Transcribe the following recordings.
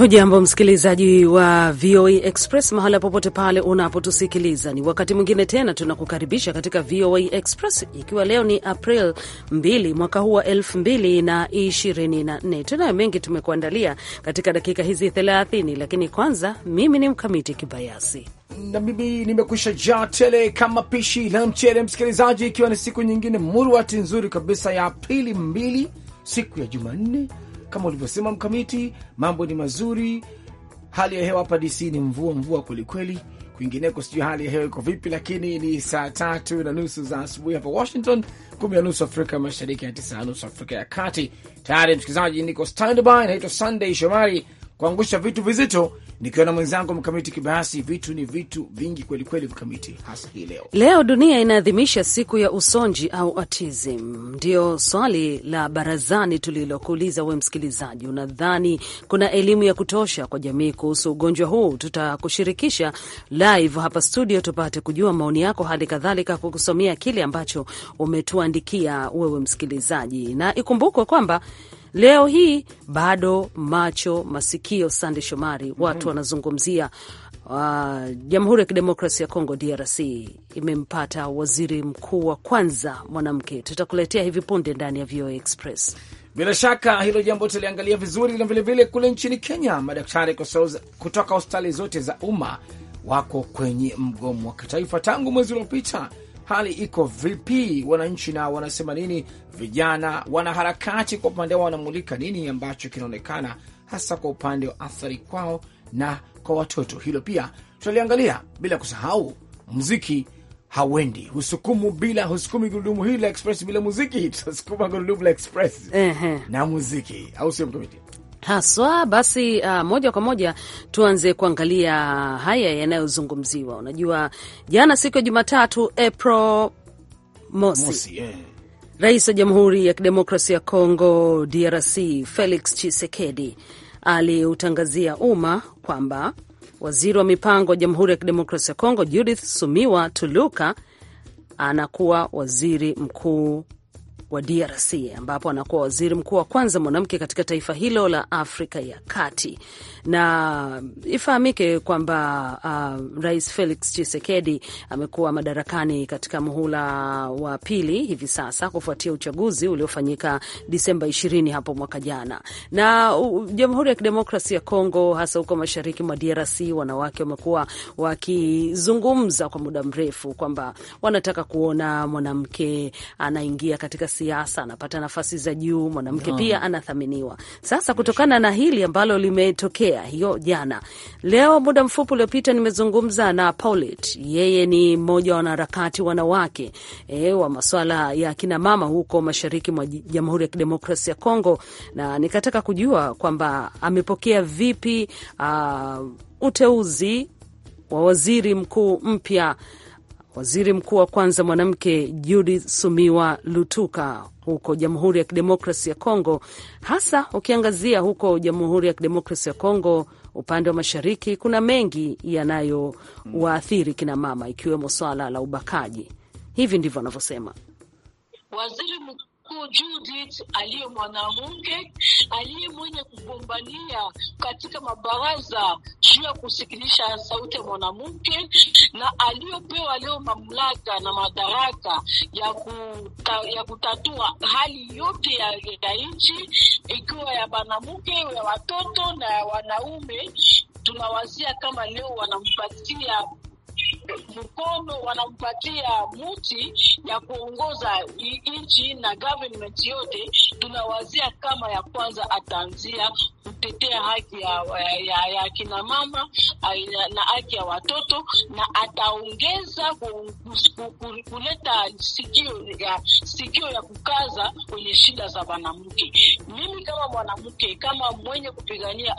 Hujambo msikilizaji wa VOA e Express mahala popote pale unapotusikiliza, ni wakati mwingine tena tunakukaribisha katika VOA e Express, ikiwa leo ni April 2 mwaka huu wa 2024. Tunayo mengi tumekuandalia katika dakika hizi 30, lakini kwanza, mimi ni Mkamiti Kibayasi na mimi nimekwisha jaa tele kama pishi la mchele, msikilizaji, ikiwa ni siku nyingine murwati nzuri kabisa ya Aprili 2, siku ya Jumanne kama ulivyosema Mkamiti, mambo ni mazuri. Hali ya hewa hapa DC ni mvua mvua kwelikweli, kwingineko sijui hali ya hewa iko vipi, lakini ni saa tatu na nusu za asubuhi hapa Washington, kumi na nusu Afrika Mashariki na tisa na nusu Afrika ya Kati. Tayari msikilizaji, niko standby, naitwa Sunday Shomari kuangusha vitu vizito nikiwa na mwenzangu Mkamiti Kibayasi. Vitu ni vitu vingi kwelikweli, Mkamiti, hasa hii leo. Leo dunia inaadhimisha siku ya usonji au autism. Ndio swali la barazani tulilokuuliza we msikilizaji, unadhani kuna elimu ya kutosha kwa jamii kuhusu ugonjwa huu? Tutakushirikisha live hapa studio tupate kujua maoni yako, hali kadhalika kukusomea kile ambacho umetuandikia wewe msikilizaji, na ikumbukwe kwamba leo hii bado macho masikio, Sande Shomari, watu mhm. wanazungumzia mm -hmm. Jamhuri uh, ya Kidemokrasia ya Kongo DRC imempata waziri mkuu wa kwanza mwanamke. Tutakuletea hivi punde ndani ya VOA Express. Bila shaka hilo jambo tuliangalia vizuri, na vilevile kule nchini Kenya madaktari kutoka hospitali zote za umma wako kwenye mgomo wa kitaifa tangu mwezi uliopita hali iko vipi? Wananchi na wanasema nini? Vijana wanaharakati kwa upande wao wanamulika nini ambacho kinaonekana hasa kwa upande wa athari kwao na kwa watoto. Hilo pia tutaliangalia, bila kusahau muziki hawendi husukumu bila husukumi gurudumu hili la express bila muziki, tutasukuma gurudumu la express na muziki, au sio Haswa basi, uh, moja kwa moja tuanze kuangalia haya yanayozungumziwa. Unajua, jana siku ya Jumatatu April mosi, mosi yeah. Rais wa Jamhuri ya Kidemokrasia ya Kongo DRC Felix Tshisekedi aliutangazia umma kwamba waziri wa mipango wa Jamhuri ya Kidemokrasia ya Kongo Judith Sumiwa Tuluka anakuwa waziri mkuu wa DRC ambapo anakuwa waziri mkuu wa kwanza mwanamke katika taifa hilo la Afrika ya Kati. Na ifahamike kwamba uh, Rais Felix Tshisekedi amekuwa madarakani katika muhula wa pili hivi sasa kufuatia uchaguzi uliofanyika Disemba 20 hapo mwaka jana. Na uh, Jamhuri ya Kidemokrasia ya Kongo, hasa huko mashariki mwa DRC, wanawake wamekuwa wakizungumza kwa muda mrefu kwamba wanataka kuona mwanamke anaingia katika siasa, anapata nafasi za juu, mwanamke no. pia anathaminiwa. Sasa kutokana na hili ambalo limetokea hiyo jana, leo muda mfupi uliopita nimezungumza na Paulet, yeye ni mmoja wa wanaharakati wanawake e, wa masuala ya kinamama huko mashariki mwa Jamhuri ya Kidemokrasia ya Kongo, na nikataka kujua kwamba amepokea vipi uh, uteuzi wa waziri mkuu mpya Waziri mkuu wa kwanza mwanamke Judith Sumiwa Lutuka huko Jamhuri ya Kidemokrasi ya Kongo, hasa ukiangazia huko Jamhuri ya Kidemokrasi ya Kongo upande wa mashariki, kuna mengi yanayowaathiri kinamama, ikiwemo swala la ubakaji. Hivi ndivyo anavyosema waziri mkuu mkuu Judith aliye mwanamke aliye mwenye kugombania katika mabaraza juu ya kusikilisha sauti ya mwanamke na aliyopewa leo mamlaka na madaraka ya, kuta, ya kutatua hali yote ya, ya nchi ikiwa ya mwanamke ya watoto na ya wanaume. Tunawazia kama leo wanampatia mkono wanampatia muti ya kuongoza nchi na government yote, tunawazia kama ya kwanza ataanzia kutetea haki ya, ya, ya kina mama na haki ya watoto, na ataongeza kuleta sikio ya, sikio ya kukaza kwenye shida za mwanamke. Mimi kama mwanamke kama mwenye kupigania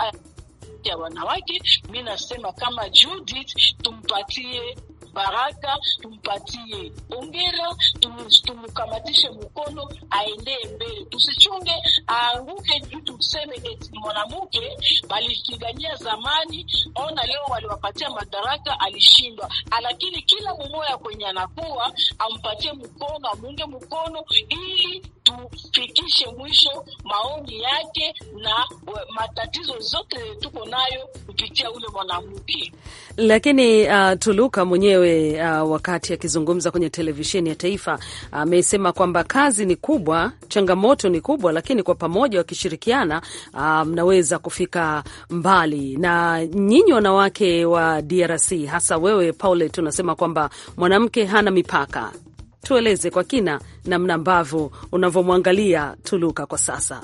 sauti ya wanawake. Mi nasema kama Judith, tumpatie baraka, tumpatie ongera, tumkamatishe mkono aendee mbele, tusichunge aanguke juu tuseme eti mwanamke balipigania zamani, ona leo waliwapatia madaraka, alishindwa. Ah, lakini kila mumoya kwenye anakuwa ampatie mkono, amuunge mkono ili tufikishe mwisho maoni yake na matatizo zote tuko nayo kupitia ule mwanamke. Lakini uh, Tuluka mwenyewe uh, wakati akizungumza kwenye televisheni ya taifa amesema uh, kwamba kazi ni kubwa, changamoto ni kubwa, lakini kwa pamoja wakishirikiana, uh, mnaweza kufika mbali. Na nyinyi wanawake wa DRC, hasa wewe Paulet, unasema kwamba mwanamke hana mipaka tueleze kwa kina namna ambavyo unavyomwangalia Tuluka kwa sasa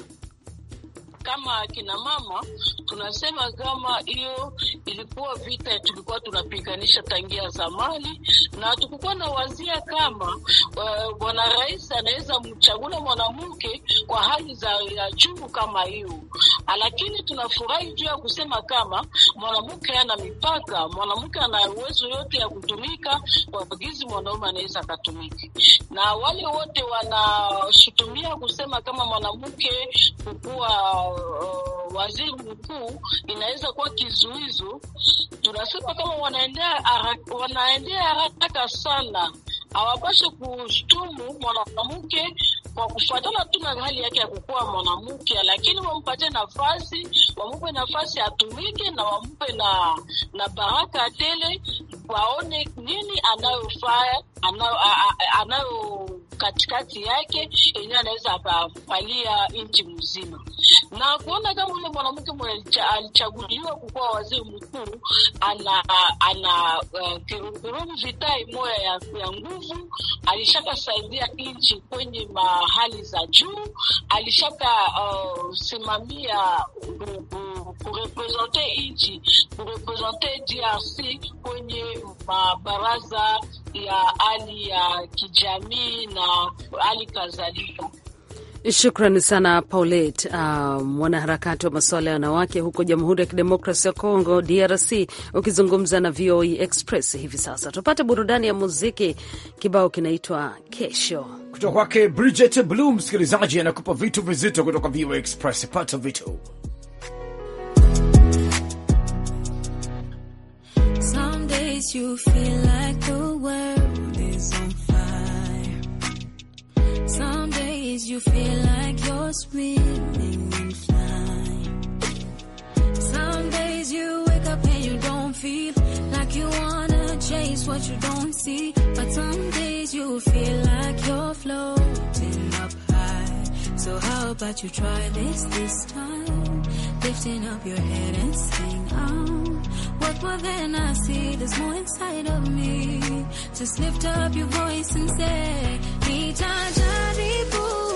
kama akina mama tunasema kama hiyo ilikuwa vita tulikuwa tunapiganisha tangia zamani, na tukukuwa na wazia kama eh, bwana uh, rais anaweza mchagula mwanamke kwa hali za ya juu kama hiyo, lakini tunafurahi juu ya kusema kama mwanamke ana mipaka, mwanamke ana uwezo yote ya kutumika kwa bagizi mwanaume anaweza akatumiki, na wale wote wanashutumia kusema kama mwanamke kukuwa uh, waziri mkuu inaweza kuwa kizuizo. Tunasema kama wanaendea wanaendea haraka sana, hawapashe kushtumu mwanamke kwa kufuatana tu na hali yake ya kukuwa mwanamke, lakini wampatie nafasi, wamupe nafasi atumike na wamupe na na baraka tele, waone nini anayo, anayo katikati yake yenyewe anaweza akafalia nchi mzima, na kuona kama ule mwanamke alichaguliwa kukuwa waziri mkuu ana ana uh, vitai moya ya, ya nguvu. Alishakasaidia nchi kwenye mahali za juu, alishakasimamia oh, uh, kurepresente nchi, kurepresente DRC kwenye mabaraza ya hali ya kijamii na hali kadhalika. Shukrani sana Paulette, uh, mwanaharakati wa masuala ya wanawake huko Jamhuri ya Kidemokrasi ya Kongo, DRC, ukizungumza na VOA e Express hivi sasa. Tupate burudani ya muziki, kibao kinaitwa Kesho kutoka kwake Bridget Bloom. Msikilizaji anakupa vitu vizito kutoka VOA e Express, pata vitu days you feel like the world is on fire. Some days you feel like you're swimming in flying. Some days you wake up and you don't feel like you wanna chase what you don't see. But some days you feel like you're floating up high. So how about you try this this time? Lifting up your head and sing out. Ah deeper than I see. There's more inside of me. Just lift up your voice and say, "Me, Nita Jaribu.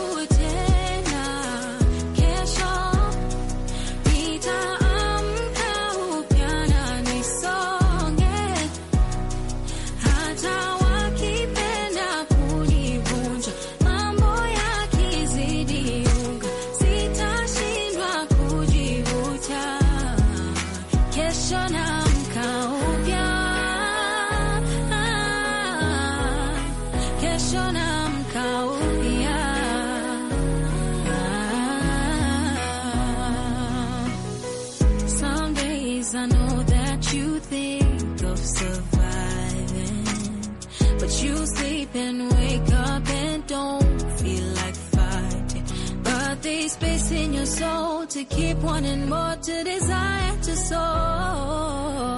to keep wanting more, to desire to soar.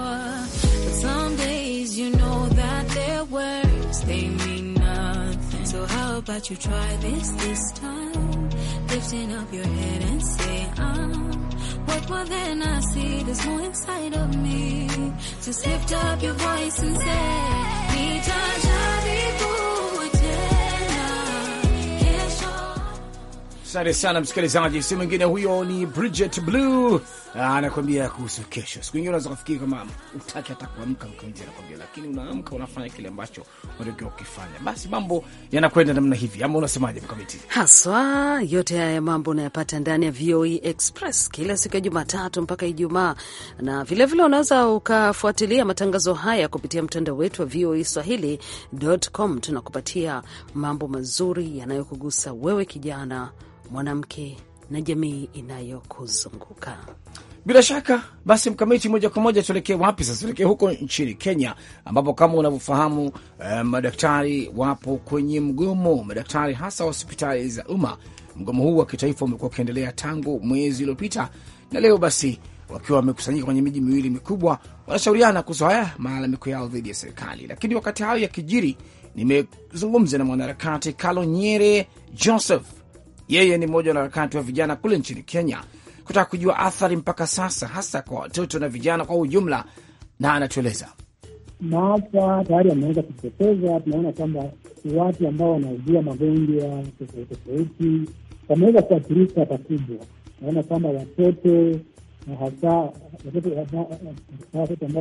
But some days you know that their words, they mean nothing. So how about you try this this time? Lifting up your head and say, I'm ah, what more than I see, there's more inside of me. Just lift up your voice and say, "Me Jari Asante sana msikilizaji, si mwingine huyo ni Bridget Blue ah, anakwambia kuhusu kesho. Siku nyingine unaweza kufikiri kama utaki hata kuamka mkinzi, anakwambia lakini unaamka, unafanya kile ambacho unatakiwa ukifanya, basi mambo yanakwenda namna hivi, ama unasemaje Mkamiti? Haswa yote haya mambo unayapata ndani ya VOE Express kila siku ya Jumatatu mpaka Ijumaa, na vilevile unaweza ukafuatilia matangazo haya kupitia mtandao wetu wa VOE Swahili.com. Tunakupatia mambo mazuri yanayokugusa wewe kijana mwanamke na jamii inayokuzunguka bila shaka. Basi mkamiti, moja kwa moja tuelekee wapi sasa? Tuelekee huko nchini Kenya, ambapo kama unavyofahamu eh, madaktari wapo kwenye mgomo, madaktari hasa hospitali za umma. Mgomo huu wa kitaifa umekuwa ukiendelea tangu mwezi uliopita, na leo basi wakiwa wamekusanyika kwenye miji miwili mikubwa, wanashauriana kuhusu haya malalamiko yao dhidi ya serikali. Lakini wakati hayo ya kijiri, nimezungumza na mwanaharakati Kalonyere Joseph yeye ni mmoja wa wanaharakati wa vijana kule nchini Kenya, kutaka kujua athari mpaka sasa, hasa kwa watoto na vijana kwa ujumla, na anatueleza maafa tayari ameweza kujitokeza. Tunaona kwamba watu ambao wanaugua magonjwa tofauti tofauti wameweza kuathirika pakubwa. Naona kwamba watoto na hasa watoto ambao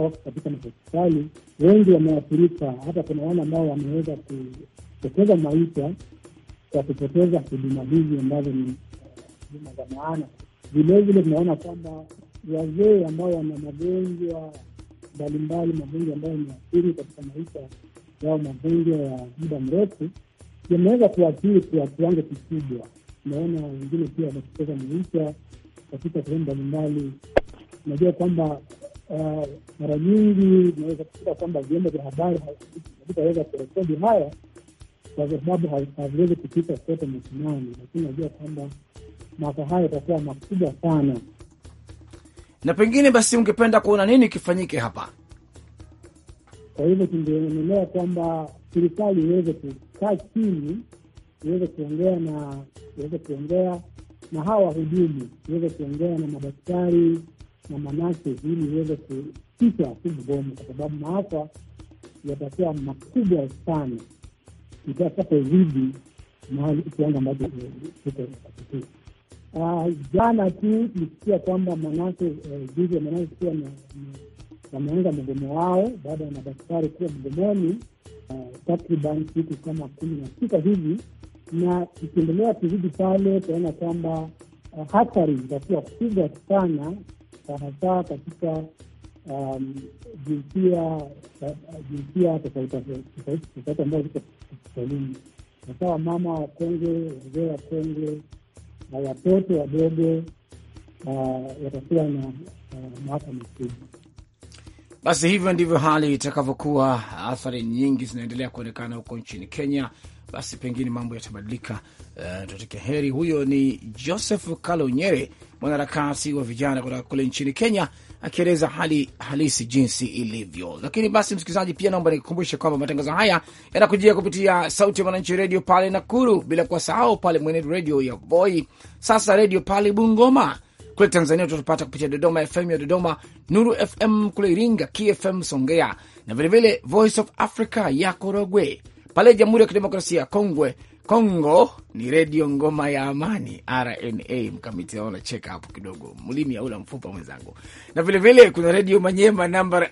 wako katika mahospitali wengi wameathirika. Hata kuna wale ambao wameweza kupoteza maisha kwa kupoteza huduma hizi ambazo ni huduma za maana. Vilevile tunaona kwamba wazee ambao wana magonjwa mbalimbali, magonjwa ambayo yameathiri katika maisha yao, magonjwa ya muda mrefu yameweza kuathiri kwa kiwango kikubwa. Tunaona wengine pia wakipoteza maisha katika sehemu mbalimbali. Unajua kwamba uh, mara nyingi inaweza kufika kwamba vyombo vya habari havitaweza kurekodi haya kwa sababu haviwezi kupita kote mashinani, lakini najua kwamba maafa hayo yatakuwa makubwa sana. Na pengine basi, ungependa kuona nini kifanyike hapa? Kwa hivyo tungeonelea kwamba serikali iweze kukaa chini, iweze kuongea na iweze kuongea na hawa wahudumu, iweze kuongea na madaktari na manase ili iweze kupita tu mgomo, kwa sababu maafa yatakuwa makubwa sana itakapozidi mahali kiwango ambacho eh, tuko katika ah, jana tu nikisikia kwamba manake eh, juzi manake kuwa wameanza mgomo wao baada ya madaktari kuwa mgomoni eh, takriban siku kama kumi na sita hivi, na ikiendelea kuzidi pale tunaona kwamba hatari zitakuwa kubwa sana, hasa katika Um, jinsia uh, tofauti ambayo ziko hospitalini, hasa wamama wakongwe, wazee wakongwe, watoto wadogo uh, watakuwa na uh, mahakama kubwa. Basi hivyo ndivyo hali itakavyokuwa. Athari nyingi zinaendelea kuonekana huko nchini Kenya. Basi pengine mambo yatabadilika. Uh, tuteke heri. Huyo ni Joseph Kalonyere, mwanaharakati wa vijana kutoka kule nchini Kenya akieleza hali halisi jinsi ilivyo. Lakini basi, msikilizaji, pia naomba nikukumbushe kwamba matangazo haya yanakujia kupitia Sauti ya Mwananchi redio pale Nakuru, bila kuwasahau pale Mwenedu redio ya Voi, sasa redio pale Bungoma. Kule Tanzania tutatupata kupitia Dodoma FM ya Dodoma, Nuru FM kule Iringa, KFM Songea na vilevile Voice of Africa ya Korogwe. Pale Jamhuri ya Kidemokrasia ya Kongwe Kongo ni redio Ngoma ya Amani, RNA. Mkamiti ao nacheka hapo kidogo, mlimi aula mfupa mwenzangu. Na vilevile kuna redio Manyema namba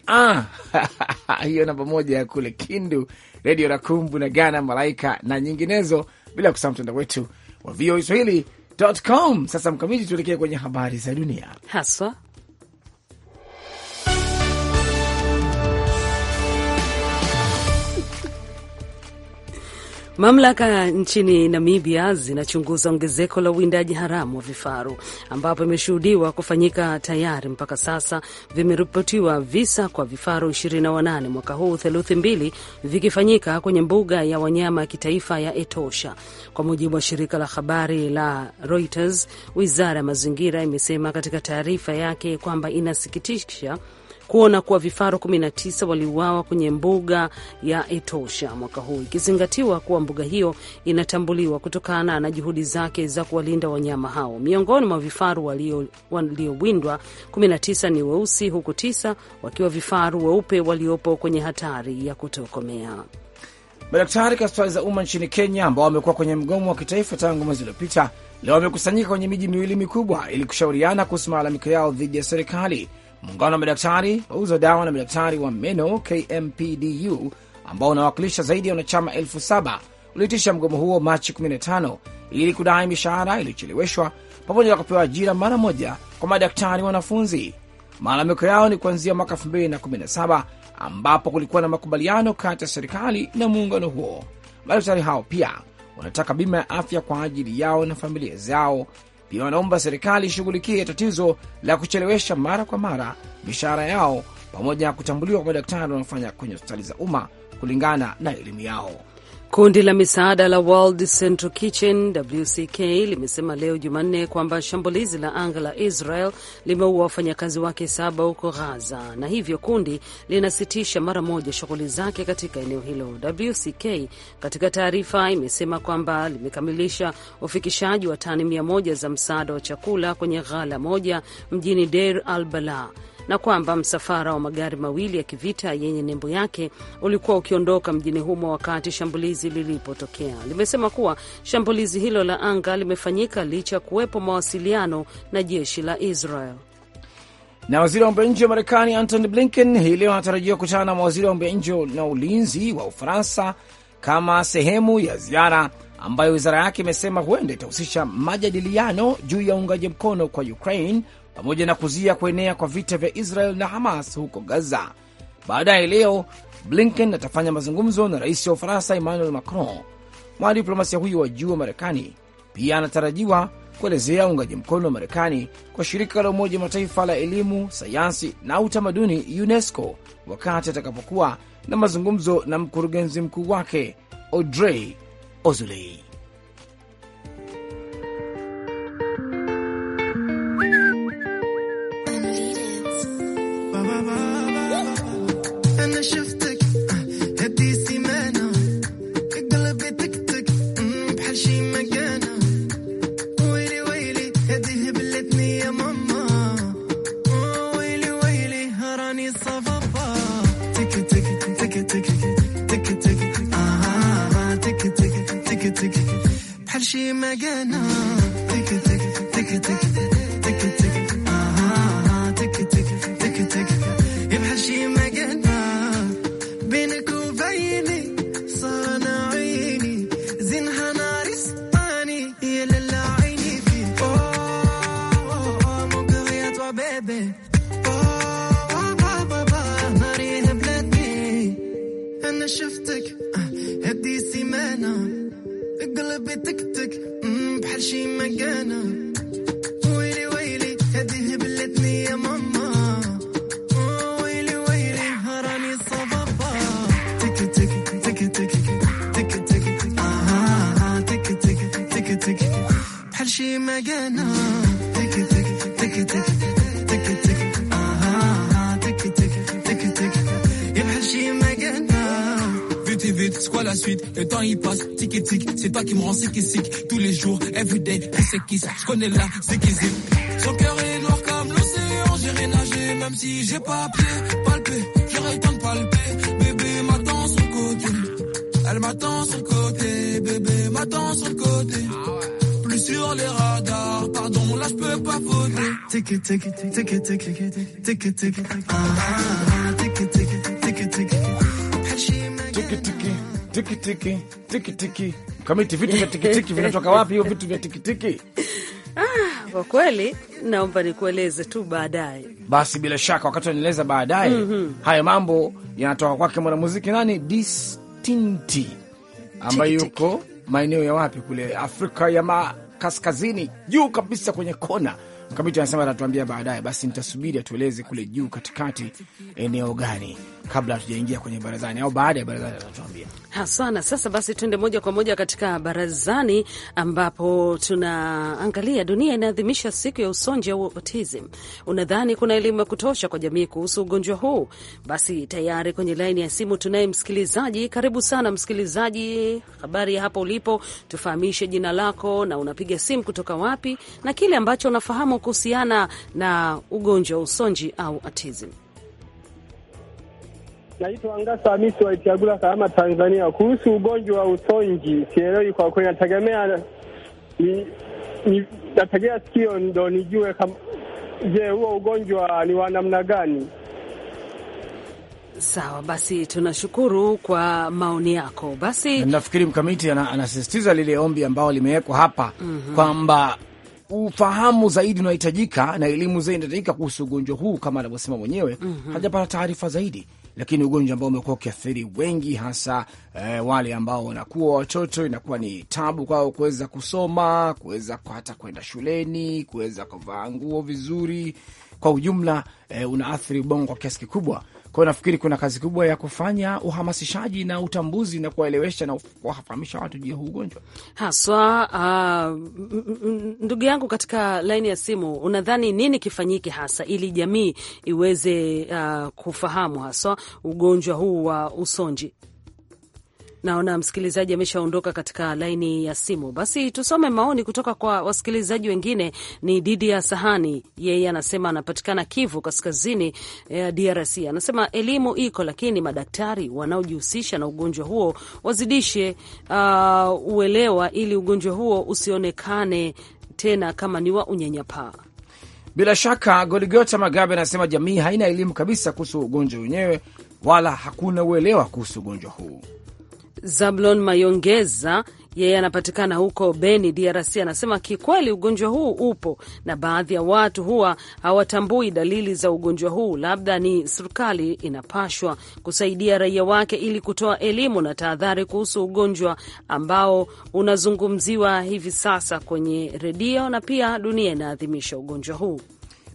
hiyo namba moja ya kule Kindu, redio Rakumbu na Gana Malaika na nyinginezo, bila kusahau mtandao wetu wa VOA Swahili com. Sasa Mkamiti, tuelekee kwenye habari za dunia haswa Mamlaka nchini Namibia zinachunguza ongezeko la uwindaji haramu wa vifaru ambapo imeshuhudiwa kufanyika tayari. Mpaka sasa vimeripotiwa visa kwa vifaru 28 mwaka huu, theluthi mbili vikifanyika kwenye mbuga ya wanyama ya kitaifa ya Etosha, kwa mujibu wa shirika la habari la Reuters. Wizara ya mazingira imesema katika taarifa yake kwamba inasikitisha kuona kuwa vifaru 19 waliuawa kwenye mbuga ya Etosha mwaka huu, ikizingatiwa kuwa mbuga hiyo inatambuliwa kutokana na juhudi zake za kuwalinda wanyama hao. Miongoni mwa vifaru waliowindwa 19 ni weusi, huku tisa wakiwa vifaru weupe waliopo kwenye hatari ya kutokomea. Madaktari katika hospitali za umma nchini Kenya ambao wamekuwa kwenye mgomo wa kitaifa tangu mwezi uliopita leo wamekusanyika kwenye miji miwili mikubwa ili kushauriana kuhusu malalamiko yao dhidi ya serikali. Muungano wa madaktari wauza dawa na madaktari wa meno KMPDU ambao unawakilisha zaidi ya wanachama elfu saba uliitisha mgomo huo Machi 15 ili kudai mishahara iliyocheleweshwa pamoja na kupewa ajira mara moja kwa madaktari wanafunzi. Malalamiko yao ni kuanzia mwaka 2017 ambapo kulikuwa na makubaliano kati ya serikali na muungano huo. Madaktari hao pia wanataka bima ya afya kwa ajili yao na familia zao pia wanaomba serikali ishughulikie tatizo la kuchelewesha mara kwa mara mishahara yao pamoja na kutambuliwa kwa madaktari wanaofanya kwenye hospitali za umma kulingana na elimu yao. Kundi la misaada la World Central Kitchen WCK limesema leo Jumanne kwamba shambulizi la anga la Israel limeua wafanyakazi wake saba huko Gaza, na hivyo kundi linasitisha mara moja shughuli zake katika eneo hilo. WCK katika taarifa imesema kwamba limekamilisha ufikishaji wa tani mia moja za msaada wa chakula kwenye ghala moja mjini Deir al Balah na kwamba msafara wa magari mawili ya kivita yenye nembo yake ulikuwa ukiondoka mjini humo wakati shambulizi lilipotokea. Limesema kuwa shambulizi hilo la anga limefanyika licha ya kuwepo mawasiliano na jeshi la Israel. Na waziri wa mambo ya nje wa Marekani Antony Blinken hii leo anatarajiwa kukutana na mawaziri wa mambo ya nje na ulinzi wa Ufaransa kama sehemu ya ziara ambayo wizara yake imesema huenda itahusisha majadiliano juu ya uungaji mkono kwa Ukraine pamoja na kuzia kuenea kwa vita vya Israel na Hamas huko Gaza. Baadaye leo Blinken atafanya mazungumzo na rais wa Ufaransa Emmanuel Macron. Mwanadiplomasia huyo wa juu wa Marekani pia anatarajiwa kuelezea uungaji mkono wa Marekani kwa shirika la Umoja wa Mataifa la elimu, sayansi na utamaduni UNESCO wakati atakapokuwa na mazungumzo na mkurugenzi mkuu wake Audrey Azoulay. she magana tik tik tik tik tik c'est quoi la suite Le temps il passe, tic et tic, c'est toi qui me rends sick et sick Tous les jours, everyday, tu sais qui Je connais la c'est qui c'est Son cœur est noir comme l'océan, j'irai nager Même si j'ai pas pied, palpé, j'irai temps de palper Bébé m'attend sur le côté Elle m'attend sur le côté, bébé m'attend sur le côté Plus sur les radars, pardon là je peux pas voter Tic et tic, tic et tic, tic et tic, tic et tic ah, ah, ah. tikitiki tikitiki kamiti vitu vya tikitiki vinatoka wapi? Hivyo vitu vya tikitiki ah, kwa kweli naomba nikueleze tu baadaye. Basi bila shaka, wakati wanaeleza baadaye mm -hmm. Haya mambo yanatoka kwake mwanamuziki nani Distinti ambaye yuko maeneo ya wapi kule Afrika ya ma kaskazini juu kabisa kwenye kona Mkamiti anasema atatuambia baadaye, basi nitasubiri atueleze kule juu katikati eneo gani, kabla hatujaingia kwenye barazani au baada ya barazani atatuambia hasana. Sasa basi tuende moja kwa moja katika barazani, ambapo tunaangalia dunia inaadhimisha siku ya usonji au autism. Unadhani kuna elimu ya kutosha kwa jamii kuhusu ugonjwa huu? Basi tayari kwenye laini ya simu tunaye msikilizaji. Karibu sana msikilizaji, habari ya hapo ulipo, tufahamishe jina lako na unapiga simu kutoka wapi na kile ambacho unafahamu kuhusiana na ugonjwa wa usonji au autism. Naitwa Angasa Hamisi wa Itiagula, Kahama, Tanzania. Kuhusu ugonjwa wa usonji sielewi kwa kweli, nategemea ni, ni, nategea sikio ndo nijue je, huo ugonjwa ni wa namna gani? Sawa basi, tunashukuru kwa maoni yako. Basi nafikiri mkamiti anasisitiza lile ombi ambao limewekwa hapa mm -hmm. kwamba ufahamu zaidi unahitajika na elimu zaidi inahitajika kuhusu ugonjwa huu kama anavyosema mwenyewe. mm -hmm. Hajapata taarifa zaidi, lakini ugonjwa ambao umekuwa ukiathiri wengi, hasa eh, wale ambao wanakuwa watoto, inakuwa ni tabu kwao kuweza kusoma, kuweza hata kwenda shuleni, kuweza kuvaa nguo vizuri. Kwa ujumla eh, unaathiri ubongo kwa kiasi kikubwa kwao. nafikiri kuna kazi kubwa ya kufanya uhamasishaji na utambuzi na kuwaelewesha na kuwafahamisha watu juu ya huu ugonjwa haswa. Uh, ndugu yangu katika laini ya simu, unadhani nini kifanyike hasa ili jamii iweze uh, kufahamu haswa ugonjwa huu wa usonji? Naona msikilizaji ameshaondoka katika laini ya simu. Basi tusome maoni kutoka kwa wasikilizaji wengine. Ni Didi ya Sahani, yeye anasema anapatikana Kivu Kaskazini ya eh, DRC. Anasema elimu iko, lakini madaktari wanaojihusisha na ugonjwa huo wazidishe uh, uelewa ili ugonjwa huo usionekane tena kama ni wa unyanyapaa. Bila shaka Goligota Magabe anasema jamii haina elimu kabisa kuhusu ugonjwa wenyewe, wala hakuna uelewa kuhusu ugonjwa huu. Zablon Mayongeza yeye anapatikana huko Beni, DRC, anasema kikweli, ugonjwa huu upo na baadhi ya watu huwa hawatambui dalili za ugonjwa huu. Labda ni serikali inapashwa kusaidia raia wake ili kutoa elimu na tahadhari kuhusu ugonjwa ambao unazungumziwa hivi sasa kwenye redio na pia dunia inaadhimisha ugonjwa huu.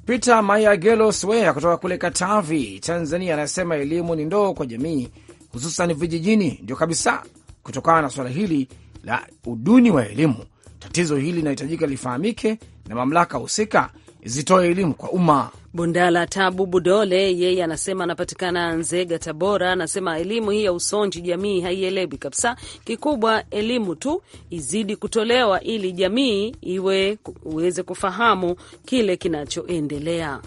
Peter Maya Swea kutoka kule Katavi, Tanzania, anasema elimu ni ndoo kwa jamii hususan vijijini. Ndio kabisa, kutokana na swala hili la uduni wa elimu, tatizo hili linahitajika lifahamike na mamlaka husika zitoe elimu kwa umma. Bundala Tabu Budole yeye anasema, anapatikana Nzega, Tabora. Anasema elimu hii ya usonji jamii haielewi kabisa, kikubwa elimu tu izidi kutolewa ili jamii iwe uweze kufahamu kile kinachoendelea.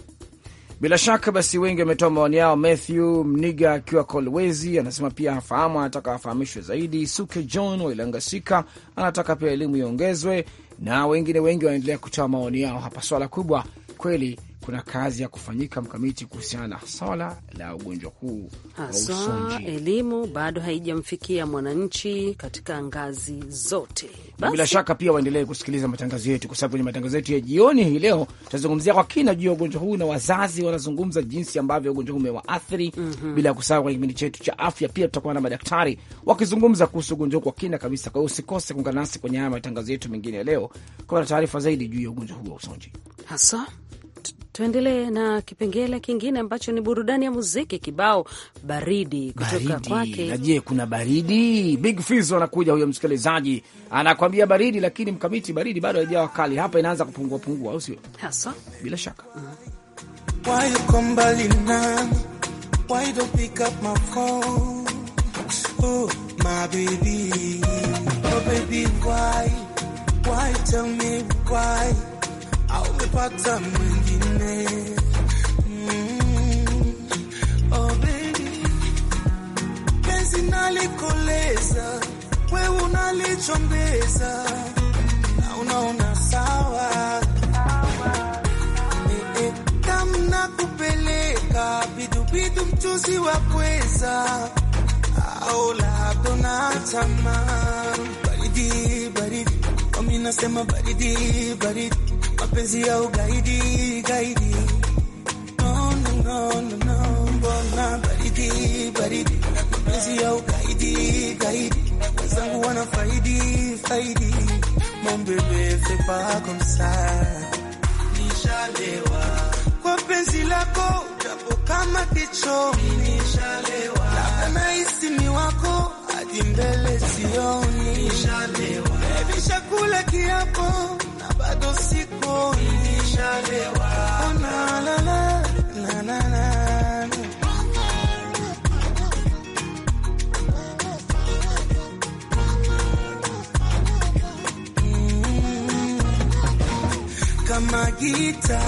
Bila shaka basi, wengi wametoa maoni yao. Matthew Mniga akiwa Kolwezi anasema pia hafahamu, anataka afahamishwe zaidi. Suke John Wailangasika anataka pia elimu iongezwe, na wengine wengi wanaendelea kutoa maoni yao hapa. Swala kubwa kweli kuna kazi ya kufanyika mkamiti kuhusiana na swala la ugonjwa huu haswa. Elimu bado haijamfikia mwananchi katika ngazi zote. Basi, Bila shaka pia waendelee kusikiliza matangazo yetu, kwa sababu kwenye matangazo yetu ya jioni hii leo tutazungumzia kwa kina juu ya ugonjwa huu, na wazazi wanazungumza jinsi ambavyo ugonjwa huu umewaathiri. mm -hmm. Bila kusahau kwenye kipindi chetu cha afya pia tutakuwa na madaktari wakizungumza kuhusu ugonjwa huu kwa kina kabisa. Kwa hiyo usikose kuungana nasi kwenye haya matangazo yetu mengine ya leo kwa taarifa zaidi juu ya ugonjwa huu wa usonji hasa tuendelee na kipengele kingine ambacho ni burudani ya muziki kibao baridi kutoka kwake. Na je, kuna baridi? Big Fizz anakuja huyo, msikilizaji anakuambia baridi, lakini mkamiti baridi bado haijawa kali. Hapa inaanza kupungua pungua, au sio? Hasa bila shaka mm au umepata mwingine? Mm, oh baby, penzi nalikoleza, wewe unalichombeza na unaona sawa eh, eh, kamna kupeleka bidubidu mchuzi wa pweza au lado na tamaa baridi baridi, aminasema baridi baridi mapenzi ya ugaidi gaidi, no no no no, baridi baridi, mapenzi ya ugaidi gaidi, wana faidi faidi, kwa penzi lako japo kama kichomi, labda nahisi ni wako hadi mbele sioni, nishalewa baby shakula kiapo bado siko mm. kama gita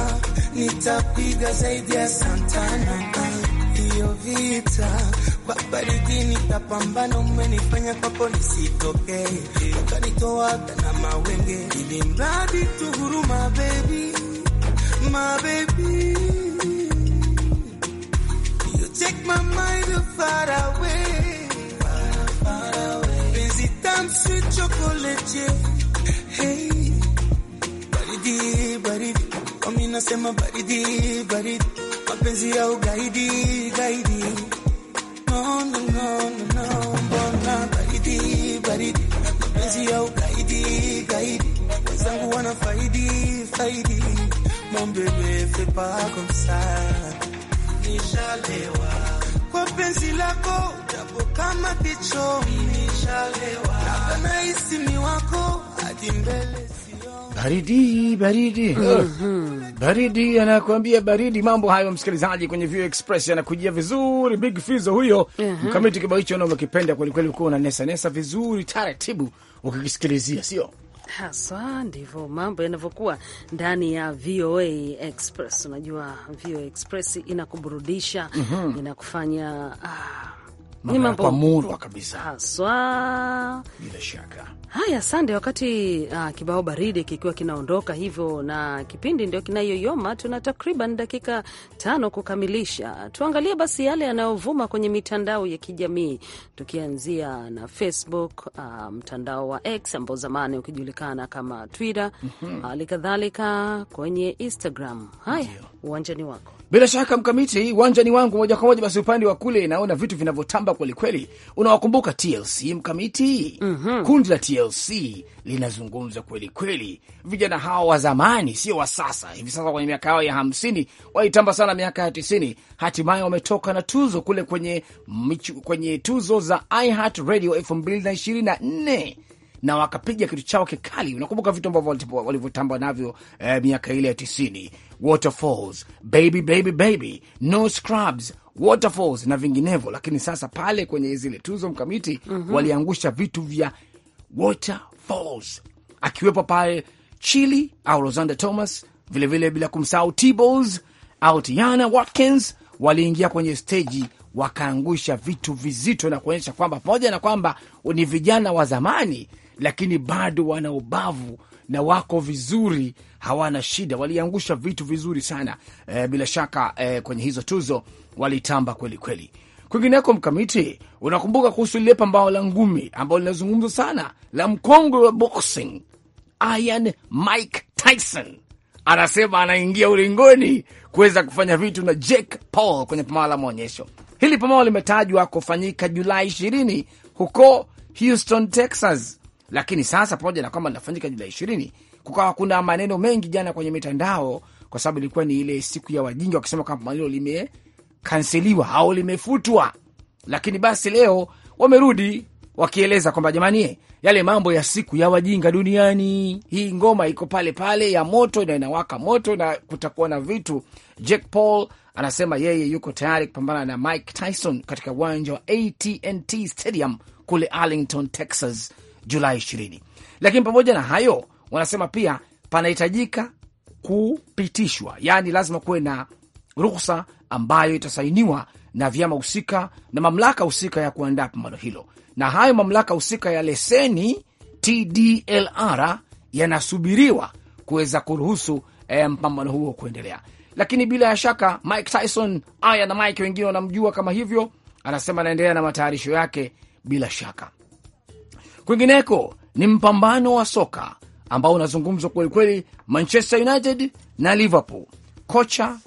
nitapiga zaidi ya santana ndiyo vita kwa baridini na pambano, kwa polisi tokee Ukanitoa na mawenge ili mradi tu huruma baby, my baby you take my mind far away baridi baridi, wami nasema baridi baridi mapenzi ya ugaidi gaidi, no no no no, mbona baridi baridi, mapenzi ya ugaidi gaidi, wenzangu wana faidi faidi, mon nishalewa kwa penzi lako japo kama kichomi, nishalewa na bana isimi wako hadi mbele baridi baridi mhm. baridi, anakuambia baridi. Mambo hayo msikilizaji, kwenye View Express yanakujia vizuri. Big Fizo huyo mhm. mkamiti kibao hicho na umekipenda kwelikweli, na nesa nesa vizuri taratibu ukikisikilizia, sio haswa ndivyo mambo yanavyokuwa ndani ya VOA Express. Unajua VOA Express inakuburudisha, mm -hmm. inakufanya ah, mambo murwa kabisa haswa. Bila shaka haya, sande. Wakati uh, kibao baridi kikiwa kinaondoka hivyo na kipindi ndio kinayoyoma, tuna takriban dakika tano kukamilisha. Tuangalie basi yale yanayovuma kwenye mitandao ya kijamii, tukianzia na Facebook, uh, mtandao wa X ambao zamani ukijulikana kama Twitter, mhm. hali mm -hmm. kadhalika kwenye Instagram. Haya Dio uwanjani wako. Bila shaka Mkamiti, uwanjani wangu moja kwa moja. Basi upande wa kule naona vitu vinavyotamba kwelikweli. Unawakumbuka TLC Mkamiti? mm -hmm. Kundi la TLC linazungumza kwelikweli, vijana hawa wa zamani, sio wa sasa. Hivi sasa kwenye miaka yao ya hamsini walitamba sana miaka ya tisini. Hatimaye wametoka na tuzo kule kwenye, kwenye tuzo za iHeart Radio elfu mbili na ishirini na nne na wakapiga kitu chao kikali. Unakumbuka vitu ambavyo walivyotamba navyo eh, miaka ile ya tisini, waterfalls, baby baby baby, no scrubs waterfalls na vinginevyo, lakini sasa pale kwenye zile tuzo mkamiti mm -hmm. waliangusha vitu vya waterfalls, akiwepo pale Chili au Rosanna Thomas vilevile vile, bila kumsahau t au Tiana Watkins waliingia kwenye steji wakaangusha vitu vizito na kuonyesha kwamba pamoja na kwamba ni vijana wa zamani, lakini bado wana ubavu na wako vizuri, hawana shida. Waliangusha vitu vizuri sana e, bila shaka e, kwenye hizo tuzo walitamba kweli kweli. Kwingineko, Mkamiti, unakumbuka kuhusu lile pambao la ngumi ambalo linazungumzwa sana la mkongwe wa boxing Iron Mike Tyson, anasema anaingia ulingoni kuweza kufanya vitu na Jake Paul kwenye pamao la maonyesho. Hili pamao limetajwa kufanyika Julai ishirini huko Houston, Texas. Lakini sasa pamoja na kwamba linafanyika Julai ishirini, kukawa kuna maneno mengi jana kwenye mitandao, kwa sababu ilikuwa ni ile siku ya wajinga, wakisema kwamba maneno limekanseliwa au limefutwa. Lakini basi leo wamerudi wakieleza kwamba jamani, yale mambo ya siku ya wajinga duniani, hii ngoma iko pale pale ya moto na inawaka moto na kutakuwa na vitu. Jake Paul anasema yeye yuko tayari kupambana na Mike Tyson katika uwanja wa AT&T Stadium kule Arlington, Texas Julai ishirini. Lakini pamoja na hayo, wanasema pia panahitajika kupitishwa, yaani lazima kuwe na ruhusa ambayo itasainiwa na vyama husika na mamlaka husika ya kuandaa pambano hilo, na hayo mamlaka husika ya leseni TDLR yanasubiriwa kuweza kuruhusu eh, mpambano huo kuendelea. Lakini bila ya shaka Mike Tyson aya na Mike wengine wanamjua kama hivyo, anasema anaendelea na matayarisho yake bila shaka Kwingineko ni mpambano wa soka ambao unazungumzwa kwelikweli, Manchester United na Liverpool. Kocha,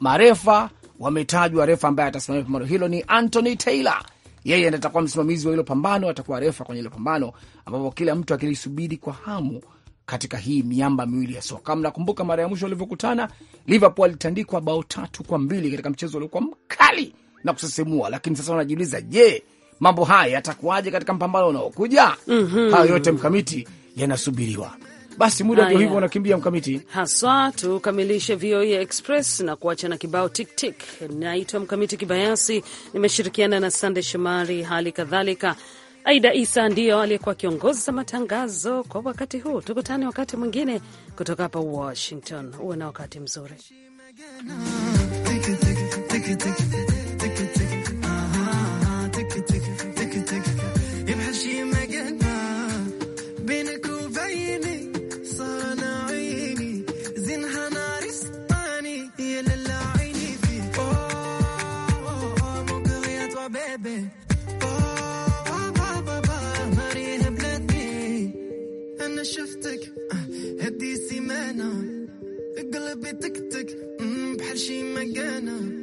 marefa wametajwa. Refa ambaye atasimamia pambano hilo ni Anthony Taylor, yeye ndiye atakuwa msimamizi wa hilo pambano, atakuwa refa kwenye hilo pambano, ambapo kila mtu akilisubiri kwa hamu katika hii miamba miwili ya soka. Mnakumbuka mara ya mwisho walivyokutana, Liverpool alitandikwa bao tatu kwa mbili katika mchezo uliokuwa mkali na kusisimua, lakini sasa wanajiuliza, je, yeah, mambo haya yatakuwaje katika mpambano unaokuja? mm -hmm. Hayo yote mkamiti yanasubiriwa. Basi muda ndio hivyo unakimbia mkamiti, haswa tukamilishe VOA Express na kuacha na kibao tiktik. Naitwa Mkamiti Kibayasi, nimeshirikiana na Sande Shomari, hali kadhalika Aida Isa ndiyo aliyekuwa akiongoza matangazo kwa wakati huu. Tukutane wakati mwingine kutoka hapa Washington. Uwe na wakati mzuri. again.